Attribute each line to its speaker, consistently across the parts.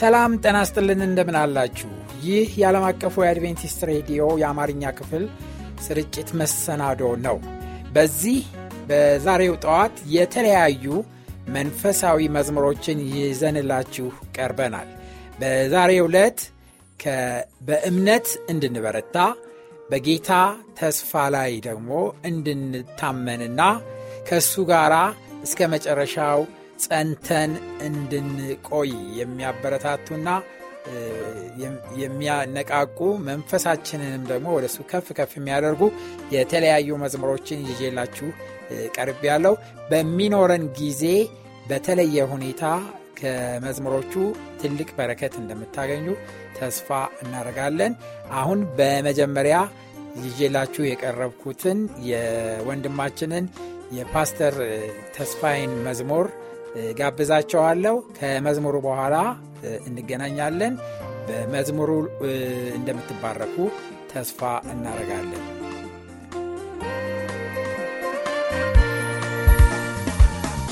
Speaker 1: ሰላም ጤና ስጥልን እንደምን አላችሁ? ይህ የዓለም አቀፉ የአድቬንቲስት ሬዲዮ የአማርኛ ክፍል ስርጭት መሰናዶ ነው። በዚህ በዛሬው ጠዋት የተለያዩ መንፈሳዊ መዝሙሮችን ይዘንላችሁ ቀርበናል። በዛሬው ዕለት በእምነት እንድንበረታ በጌታ ተስፋ ላይ ደግሞ እንድንታመንና ከእሱ ጋር እስከ መጨረሻው ጸንተን እንድንቆይ የሚያበረታቱና የሚያነቃቁ መንፈሳችንንም ደግሞ ወደሱ ከፍ ከፍ የሚያደርጉ የተለያዩ መዝሙሮችን ይዤላችሁ ቀርብ ያለው በሚኖረን ጊዜ በተለየ ሁኔታ ከመዝሙሮቹ ትልቅ በረከት እንደምታገኙ ተስፋ እናደርጋለን። አሁን በመጀመሪያ ይዤላችሁ የቀረብኩትን የወንድማችንን የፓስተር ተስፋይን መዝሙር ጋብዛቸዋለሁ። ከመዝሙሩ በኋላ እንገናኛለን። በመዝሙሩ እንደምትባረኩ ተስፋ እናደርጋለን።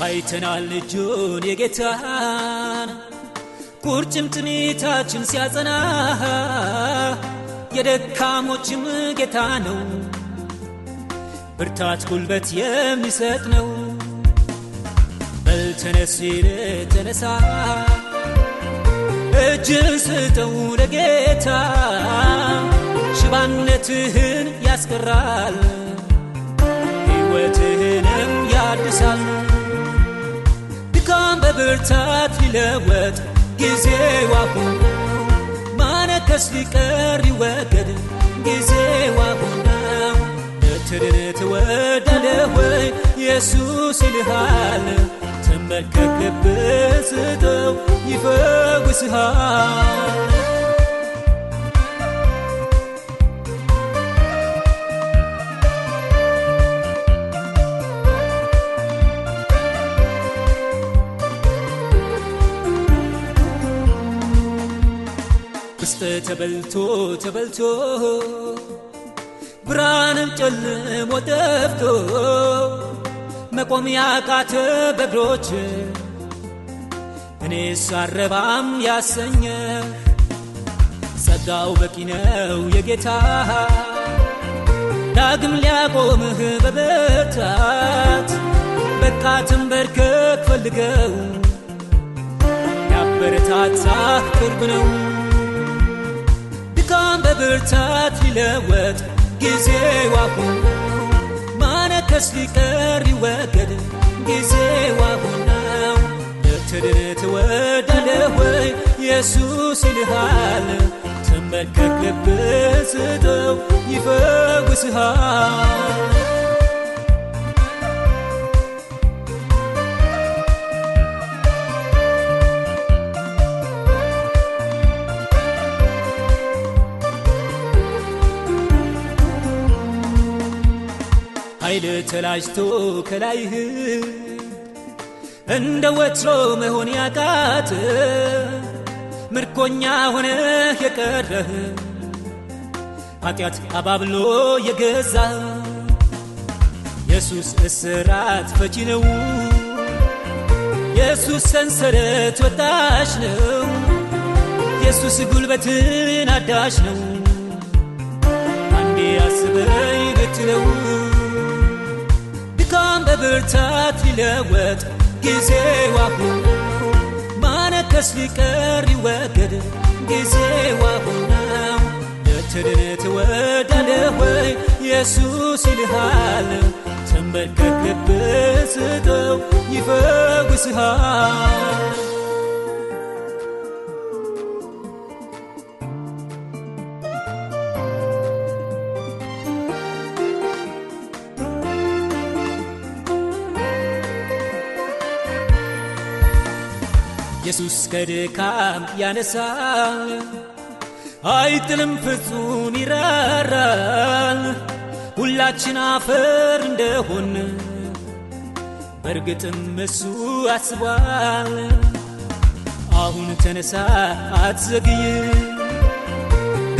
Speaker 2: አይተናል እጁን የጌታን ቁርጭምጭሚታችን ሲያጸና የደካሞችም ጌታ ነው፣ ብርታት ጉልበት የሚሰጥ ነው። ይለኛል ተነሲል ተነሳ እጅን ስጠው ለጌታ ሽባነትህን ያስቀራል ሕይወትህንም ያድሳል ድካም በብርታት ሊለወጥ ጊዜ ዋሁ ማነከስ ሊቀር ይወገድ ጊዜ ዋሁ ነው ትድን ትወዳለህ ወይ ኢየሱስ ይልሃል መርከብ ለብስተው ይፈውስሃል ውስጥ ተበልቶ ተበልቶ ብርሃንም ጨልሞ ደፍቶ መቆም ያቃተ በግሮች እኔ አረባም ያሰኘ ጸጋው በቂ ነው የጌታ ዳግም ሊያቆምህ በበታት በቃ ትንበርከክ ፈልገው ያበረታታህ ቅርብ ነው ድካም በብርታት ሊለወጥ ጊዜ አሁን መድረስ ሊቀር ሊወገድ ጊዜው አሁን ነው። ልትድን ትወዳለህ ወይ? ኢየሱስ ይልሃል። ተመልከት፣ ልብ ይፈውስሃል። ኃይል ተላጅቶ ከላይህ እንደ ወትሮ መሆን ያቃት ምርኮኛ ሆነህ የቀረህ ኃጢአት አባብሎ የገዛ ኢየሱስ እስራት ፈቺ ነው። ኢየሱስ ሰንሰለት ወጣሽ ነው። ኢየሱስ ጉልበትን አዳሽ ነው።
Speaker 3: አንዴ አስበይ
Speaker 2: ብትለው በብርታት ሊለወጥ ጊዜው አሁን ማነከስ ሊቀር ሊወገድ ጊዜው አሁን ነው። ልትድን ትወዳለህ ወይ? ኢየሱስ ይልሃል። ተንበርከክ ልብህ ስጠው ይፈውስሃል። ኢየሱስ ከድካም ያነሳል፣ አይጥልም ፍጹም ይራራል። ሁላችን አፈር እንደሆን በእርግጥም እሱ አስቧል። አሁን ተነሳ አትዘግይ፣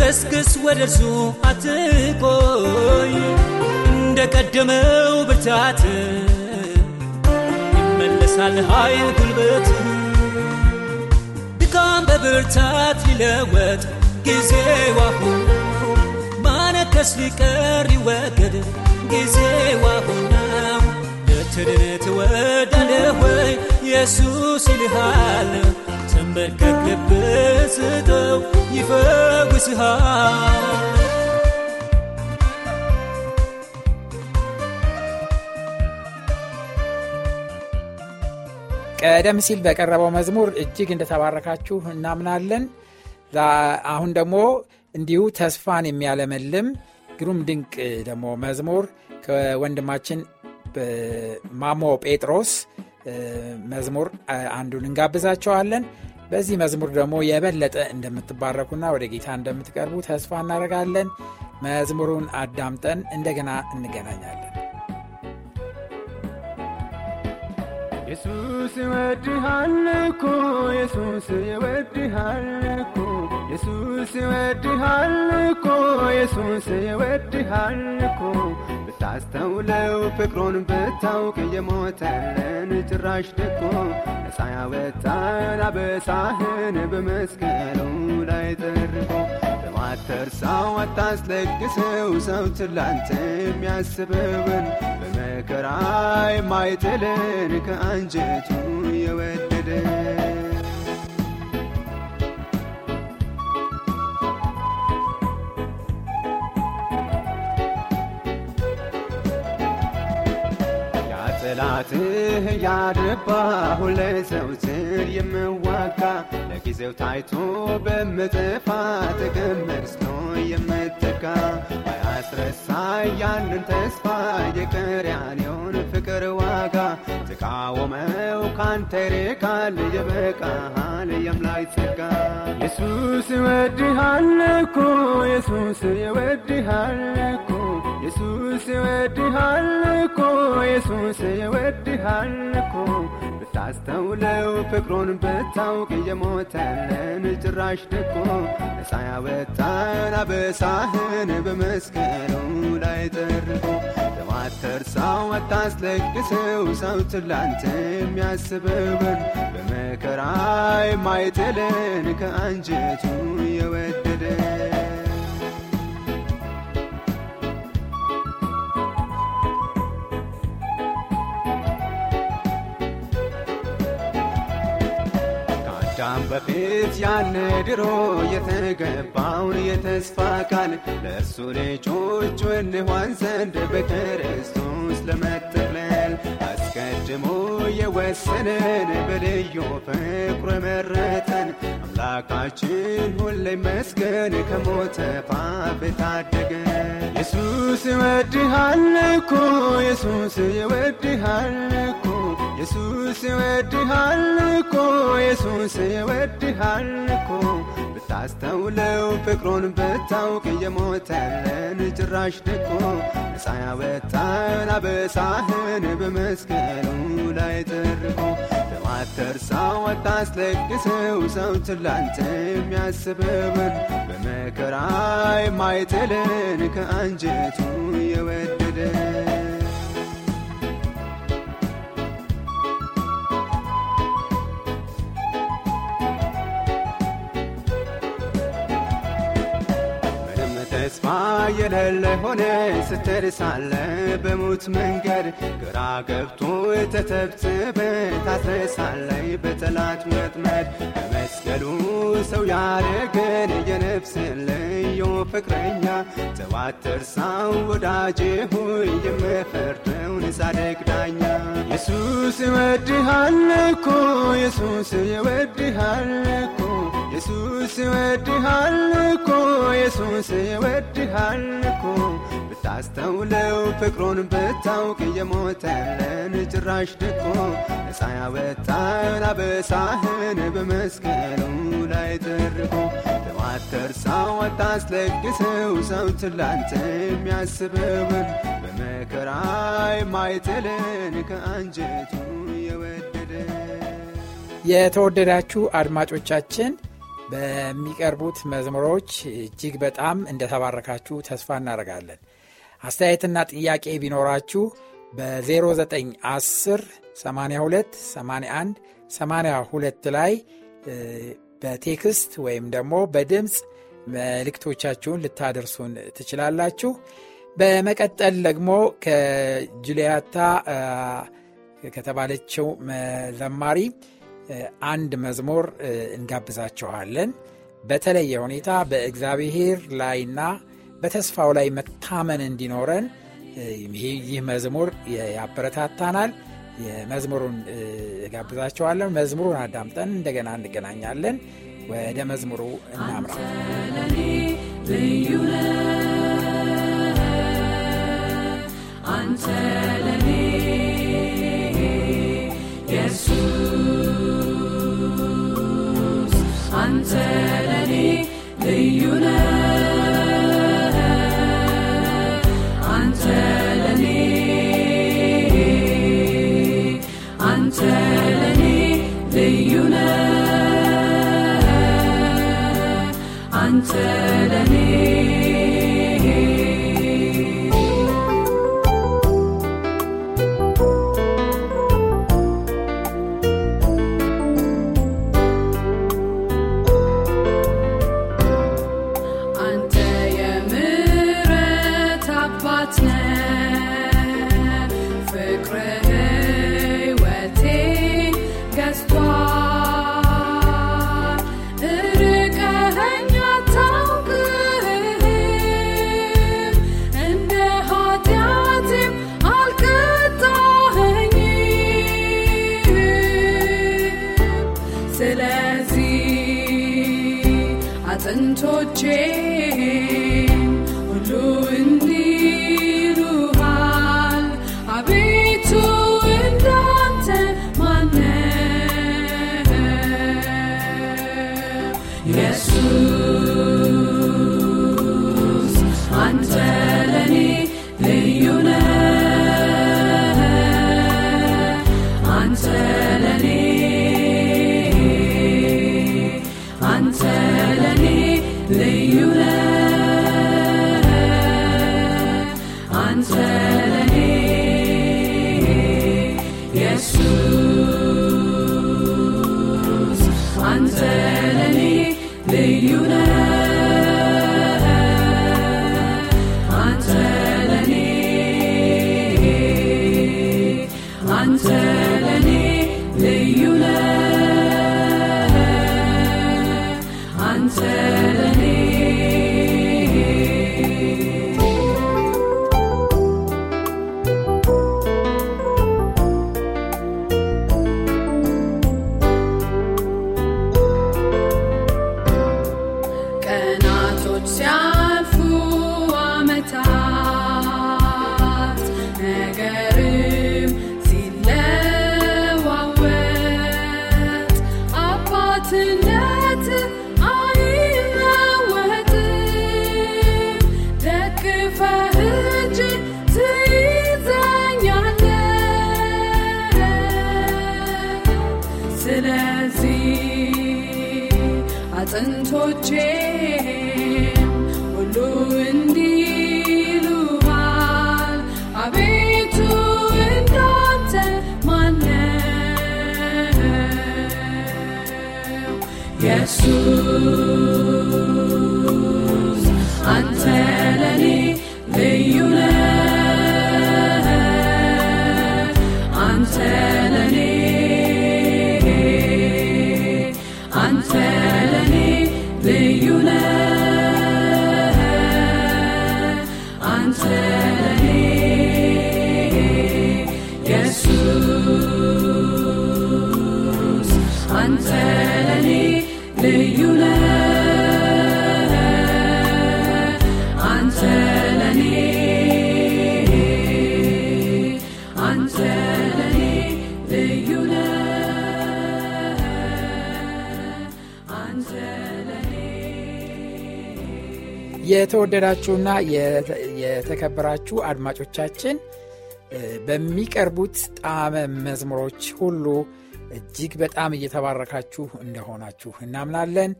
Speaker 2: ገስገስ ወደ እርሱ አትቆይ። እንደ ቀደመው ብርታት ይመለሳል ኃይል ጉልበት በብርታት ይለወጥ ጊዜው አሁን ነው። ማነከስ ሊቀር ይወገድ ጊዜው አሁን ነው። ልትድን ትወዳለህ ወይ? ኢየሱስ ይልሃል። ተንበርከክ ልብ ስጠው ይፈውስሃል።
Speaker 1: ቀደም ሲል በቀረበው መዝሙር እጅግ እንደተባረካችሁ እናምናለን። አሁን ደግሞ እንዲሁ ተስፋን የሚያለመልም ግሩም ድንቅ ደግሞ መዝሙር ከወንድማችን ማሞ ጴጥሮስ መዝሙር አንዱን እንጋብዛቸዋለን። በዚህ መዝሙር ደግሞ የበለጠ እንደምትባረኩና ወደ ጌታ እንደምትቀርቡ ተስፋ እናደርጋለን። መዝሙሩን አዳምጠን እንደገና እንገናኛለን። ኢየሱስ ይወድሃል እኮ ኢየሱስ ይወድሃል እኮ
Speaker 4: ኢየሱስ ይወድሃል እኮ ኢየሱስ ይወድሃል እኮ ብታስተውለው ፍቅሩን ብታውቅ የሞተልን ጭራሽ ደቆ ነፃ ያወጣን አበሳህን በመስቀሉ ሰው አታስለቅሰው ሰው ትላንት የሚያስበውን በመከራ የማይጥልን ከአንጀቱ ጠላትህ ያድባ ሁለት ሰው የምዋጋ ለጊዜው ታይቶ በምጥፋ ጥቅም መርስቶ የምትጋ አያስረሳይ ያንን ተስፋ ፍሬያን የሆነ ፍቅር ዋጋ ተቃወመው ካንተ ርቃል ይበቃሃል የአምላክ ጸጋ ኢየሱስ ይወድሃል እኮ ኢየሱስ ይወድሃል እኮ ኢየሱስ ይወድሃል እኮ ኢየሱስ ይወድሃል እኮ አስተውለው ፍቅሩን ብታውቅ እየሞተልን ጭራሽ ደቆ ነፃ ያወጣን አበሳህን በመስቀሉ ላይ ጠርቆ ለማተርሳው አታስለቅሰው ሰው ትላንት የሚያስብብን በመከራ የማይጥልን ከአንጀቱ የወደደን ከዚያም በፊት ያን ድሮ የተገባውን የተስፋ ቃል ለእርሱ ልጆቹ እንሆን ዘንድ በክርስቶስ ለመጠቅለል አስቀድሞ የወሰነን በልዩ ፍቅሩ የመረጠን አምላካችን ሁሌ መስገን ከሞተ ፋፍ ታደገን። ኢየሱስ ይወድሃል እኮ ኢየሱስ ይወድሃል እኮ ኢየሱስ ይወድሃል እኮ ኢየሱስ ይወድሃል እኮ ብታስተውለው ፍቅሩን ብታውቅ እየሞተለን ጭራሽ ደቆ ነፃ ያወጣን አበሳህን በመስቀሉ ላይ ጠርቆ አትርሳው አታስለቅሰው ሰው ትላንት የሚያስብብን በመከራ የማይጥልን ከአንጀቱ የወደደን ላይ ሆነ ስትርሳለ በሞት መንገድ ግራ ገብቶ ተተብትበ ታስረሳለይ በጠላት መጥመድ በመስገሉ ሰው ያረገን የነፍስ ለዮ ፍቅረኛ አትርሳው ወዳጄ ሆይ የምፈርደውን ሳደግዳኛ ኢየሱስ ይወድሃል እኮ ኢየሱስ ይወድሃል እኮ ኢየሱስ ይወድሃል እኮ ኢየሱስ ይወድሃል እኮ ታስተውለው ፍቅሩን ብታውቅ እየሞተለን ጭራሽ ድቆ ነፃ ያወጣን በሳህን በመስቀሉ ላይ ተርቆ ተማተርሳው አታስለግሰው ሰው ትላንት የሚያስበውን
Speaker 1: በመከራይ
Speaker 4: የማይጥልን ከአንጀቱ የወደደ
Speaker 1: የተወደዳችሁ አድማጮቻችን በሚቀርቡት መዝሙሮች እጅግ በጣም እንደተባረካችሁ ተስፋ እናደርጋለን። አስተያየትና ጥያቄ ቢኖራችሁ በ0910 82 81 82 ላይ በቴክስት ወይም ደግሞ በድምፅ መልእክቶቻችሁን ልታደርሱን ትችላላችሁ። በመቀጠል ደግሞ ከጁልያታ ከተባለችው መዘማሪ አንድ መዝሙር እንጋብዛችኋለን። በተለየ ሁኔታ በእግዚአብሔር ላይና በተስፋው ላይ መታመን እንዲኖረን ይህ መዝሙር ያበረታታናል። መዝሙሩን እጋብዛቸዋለን። መዝሙሩን አዳምጠን እንደገና እንገናኛለን። ወደ መዝሙሩ
Speaker 5: እናምራ።
Speaker 6: ስለዚህ አጥንቶቼ ሁሉ እንዲ
Speaker 3: Until
Speaker 1: የተወደዳችሁና የተከበራችሁ አድማጮቻችን በሚቀርቡት ጣመ መዝሙሮች ሁሉ እጅግ በጣም እየተባረካችሁ እንደሆናችሁ እናምናለን።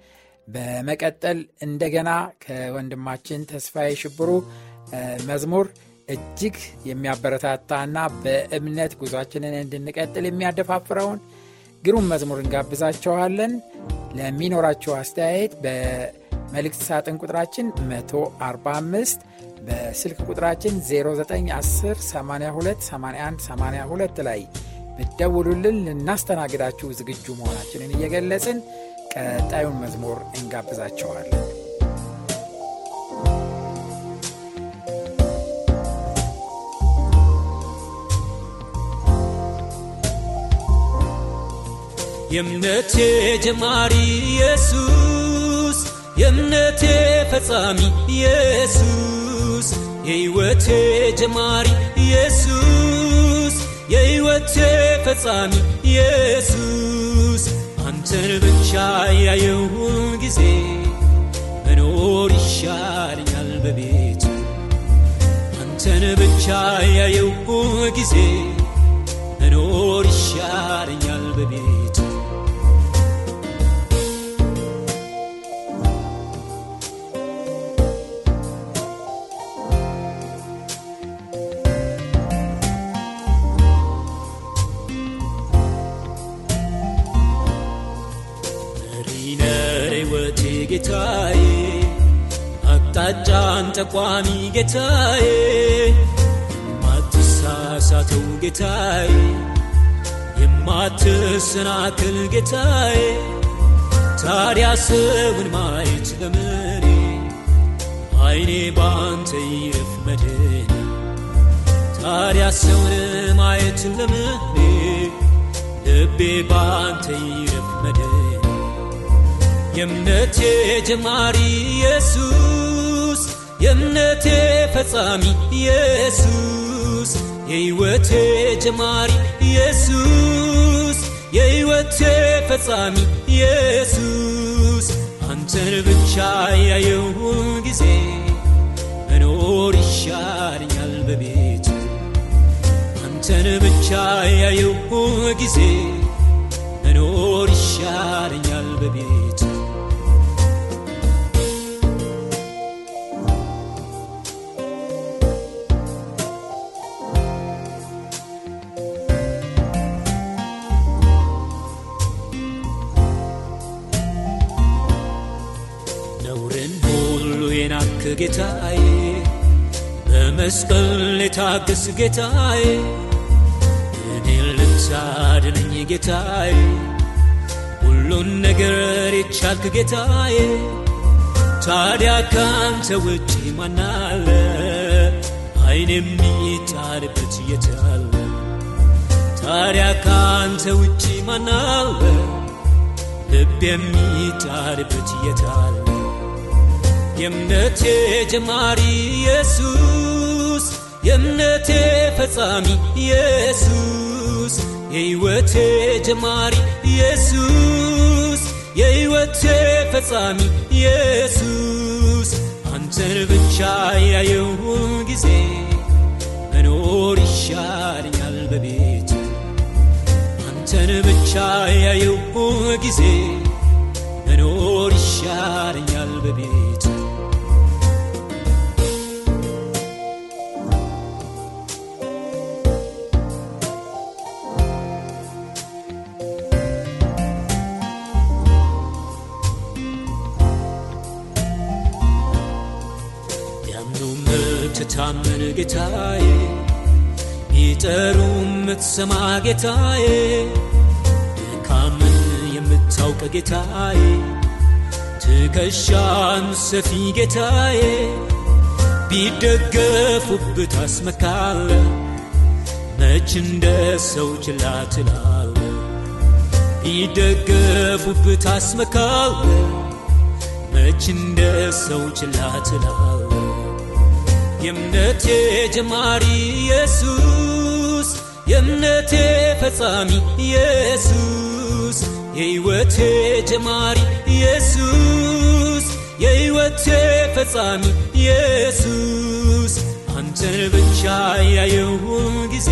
Speaker 1: በመቀጠል እንደገና ከወንድማችን ተስፋዬ ሽብሩ መዝሙር እጅግ የሚያበረታታና በእምነት ጉዟችንን እንድንቀጥል የሚያደፋፍረውን ግሩም መዝሙር እንጋብዛቸዋለን ለሚኖራችሁ አስተያየት መልእክት ሳጥን ቁጥራችን 145 በስልክ ቁጥራችን 0910828182 ላይ ብደውሉልን ልናስተናግዳችሁ ዝግጁ መሆናችንን እየገለጽን ቀጣዩን መዝሙር እንጋብዛቸዋለን።
Speaker 2: የእምነቴ ጀማሪ ኢየሱስ የእምነቴ ፈጻሚ ኢየሱስ የሕይወቴ ጀማሪ ኢየሱስ የሕይወቴ ፈጻሚ ኢየሱስ አንተን ብቻ ያየውን ጊዜ መኖር ይሻልኛል በቤቱ አንተን ብቻ ያየው ጊዜ መኖር ይሻልኛል ጌታዬ አቅጣጫን ጠቋሚ ጌታዬ የማትሳሳተው ጌታዬ የማትሰናክል ጌታዬ ታዲያ ሰውን ማየት ለምኔ አይኔ ባንተ ይረፍ መድን ታዲያ ሰውን ማየት ለምኔ ልቤ ባንተ ይረፍ መድን የእምነቴ ጀማሪ ኢየሱስ የእምነቴ ፈጻሚ ኢየሱስ የሕይወቴ ጀማሪ ኢየሱስ የሕይወቴ ፈጻሚ ኢየሱስ አንተን ብቻ ያየውን ጊዜ መኖር ይሻለኛል በቤት አንተን ብቻ ያየው ጊዜ መኖር ይሻለኛል በቤት ጌታዬ በመስቀል የታገስ ጌታዬ እኔን ልታድነኝ ጌታዬ ሁሉን ነገር የቻልክ ጌታዬ ታዲያ ካንተ ውጪ ማናለ አይን የሚጣልበት የታለ ታዲያ ካንተ ውጪ ማናለ ልብ የሚጣልበት የታለ የእምነቴ ጀማሪ ኢየሱስ የእምነቴ ፈጻሚ ኢየሱስ የሕይወቴ ጀማሪ ኢየሱስ የሕይወቴ ፈጻሚ ኢየሱስ አንተን ብቻ ያየውን ጊዜ መኖር ይሻለኛል በቤት አንተን ብቻ ያየውን ጊዜ መኖር ይሻለኛል በቤት የምታምን ጌታዬ ቢጠሩ የምትሰማ ጌታዬ ድካምን የምታውቅ ጌታዬ ትከሻን ሰፊ ጌታዬ ቢደገፉብት አስመካለ መች እንደ ሰው ችላ ትላለ ቢደገፉብት አስመካለ መች እንደ ሰው ችላ ትላለ የእምነቴ ጀማሪ ኢየሱስ የእምነቴ ፈጻሚ ኢየሱስ የሕይወቴ ጀማሪ ኢየሱስ የሕይወቴ ፈጻሚ ኢየሱስ አንተን ብቻ ያየውን ጊዜ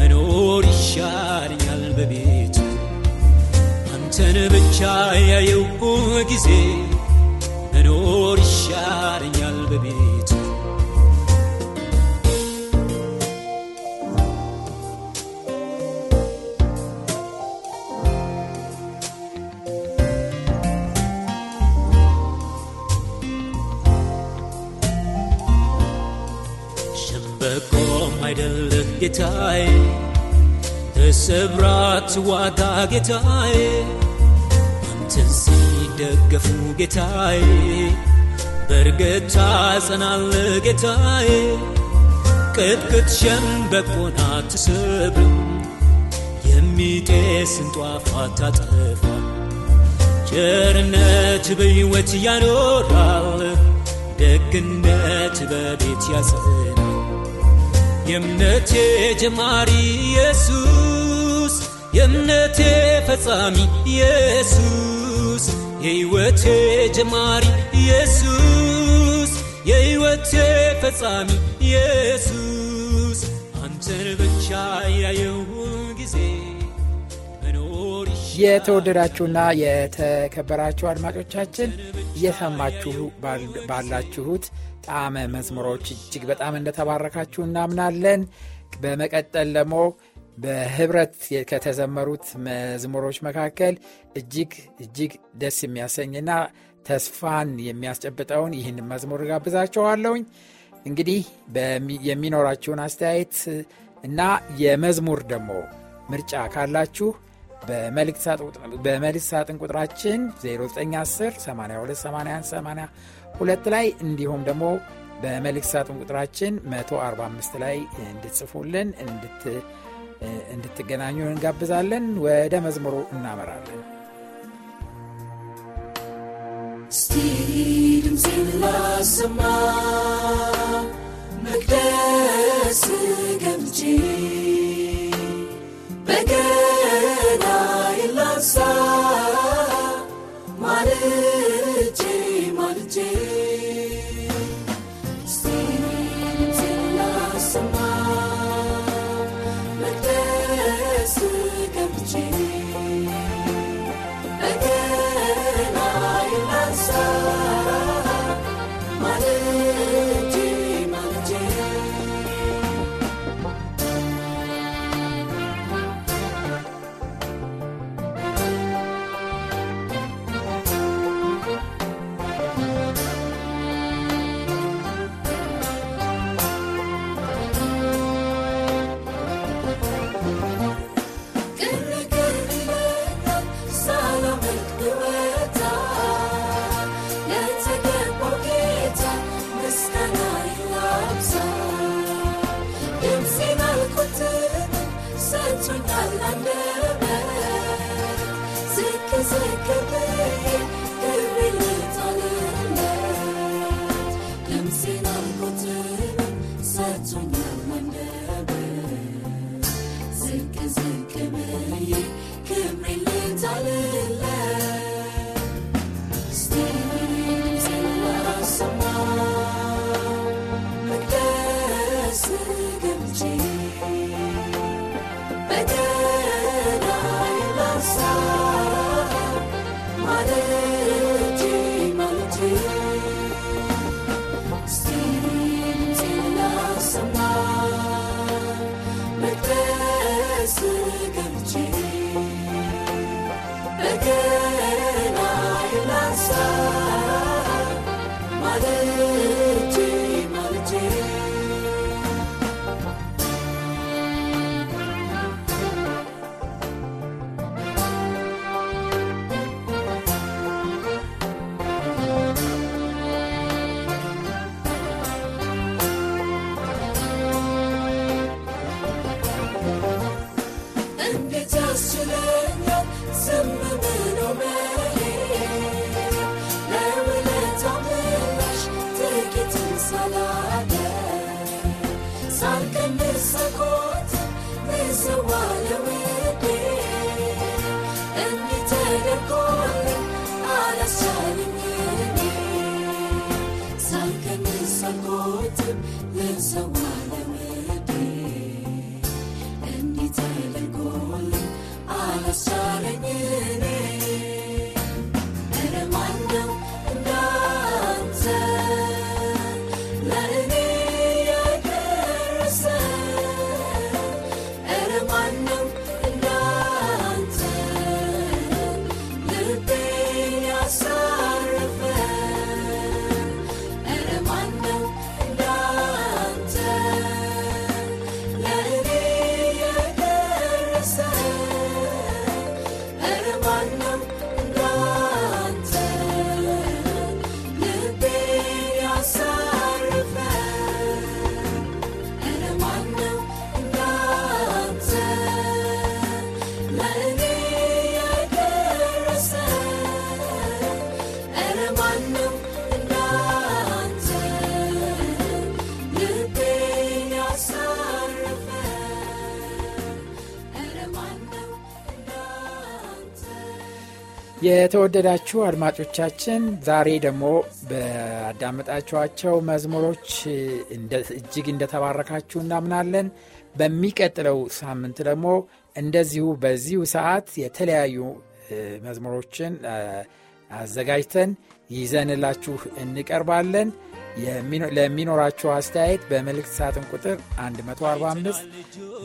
Speaker 2: መኖር ይሻልኛል በቤቱ አንተን ብቻ ያየው ጊዜ መኖር ይሻልኛል በቤቱ ጌታዬ ተሰብራት ትዋጣ ጌታዬ አንተን ሲደገፉ ጌታዬ በርገታ ጸናለ ጌታዬ ቅጥቅጥ ሸምበቆን አትሰብርም የሚጤስን ጧፍ ታጠፋ ቸርነት በሕይወት ያኖራል ደግነት በቤት ያጸ የእምነቴ ጀማሪ ኢየሱስ የእምነቴ ፈጻሚ ኢየሱስ የሕይወቴ ጀማሪ ኢየሱስ የሕይወቴ ፈጻሚ ኢየሱስ አንተን ብቻ ያየውን ጊዜ
Speaker 1: የተወደዳችሁና የተከበራችሁ አድማጮቻችን እየሰማችሁ ባላችሁት ጣዕመ መዝሙሮች እጅግ በጣም እንደተባረካችሁ እናምናለን። በመቀጠል ደግሞ በህብረት ከተዘመሩት መዝሙሮች መካከል እጅግ እጅግ ደስ የሚያሰኝና ተስፋን የሚያስጨብጠውን ይህን መዝሙር ጋብዛችኋለሁኝ። እንግዲህ የሚኖራችሁን አስተያየት እና የመዝሙር ደግሞ ምርጫ ካላችሁ በመልእክት ሳጥን ቁጥራችን 0910 ሁለት ላይ እንዲሁም ደግሞ በመልእክት ሳጥን ቁጥራችን 145 ላይ እንድትጽፉልን እንድትገናኙ እንጋብዛለን። ወደ መዝሙሩ እናመራለን። እስቲ
Speaker 3: الموت لنسواه
Speaker 1: የተወደዳችሁ አድማጮቻችን ዛሬ ደግሞ በአዳመጣችኋቸው መዝሙሮች እጅግ እንደተባረካችሁ እናምናለን። በሚቀጥለው ሳምንት ደግሞ እንደዚሁ በዚሁ ሰዓት የተለያዩ መዝሙሮችን አዘጋጅተን ይዘንላችሁ እንቀርባለን። ለሚኖራችሁ አስተያየት በመልእክት ሳጥን ቁጥር 145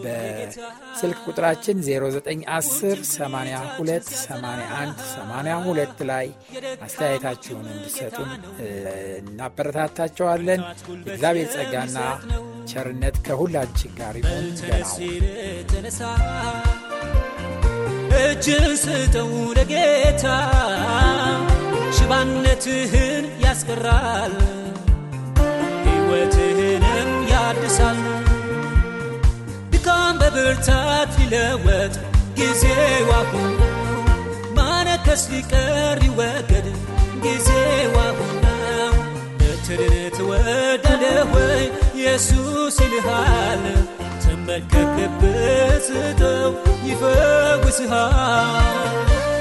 Speaker 1: በስልክ ቁጥራችን 0910 82 81 82 ላይ አስተያየታችሁን እንዲሰጡን እናበረታታቸዋለን። እግዚአብሔር ጸጋና ቸርነት ከሁላችን ጋር ይሁን።
Speaker 2: ተነሳ እጅን ስጠው ለጌታ ሽባነትህን ያስቀራል። ሕይወትህንም ያድሳል። ድካም በብርታት ይለወጥ ጊዜው አሁን፣ ማነከስ ሊቀር ሊወገድ ጊዜው አሁን በትርን ትወዳለህ ወይ ኢየሱስ ይልሃል። ተመልከትበት፣ ስጠው፣ ይፈውስሃል።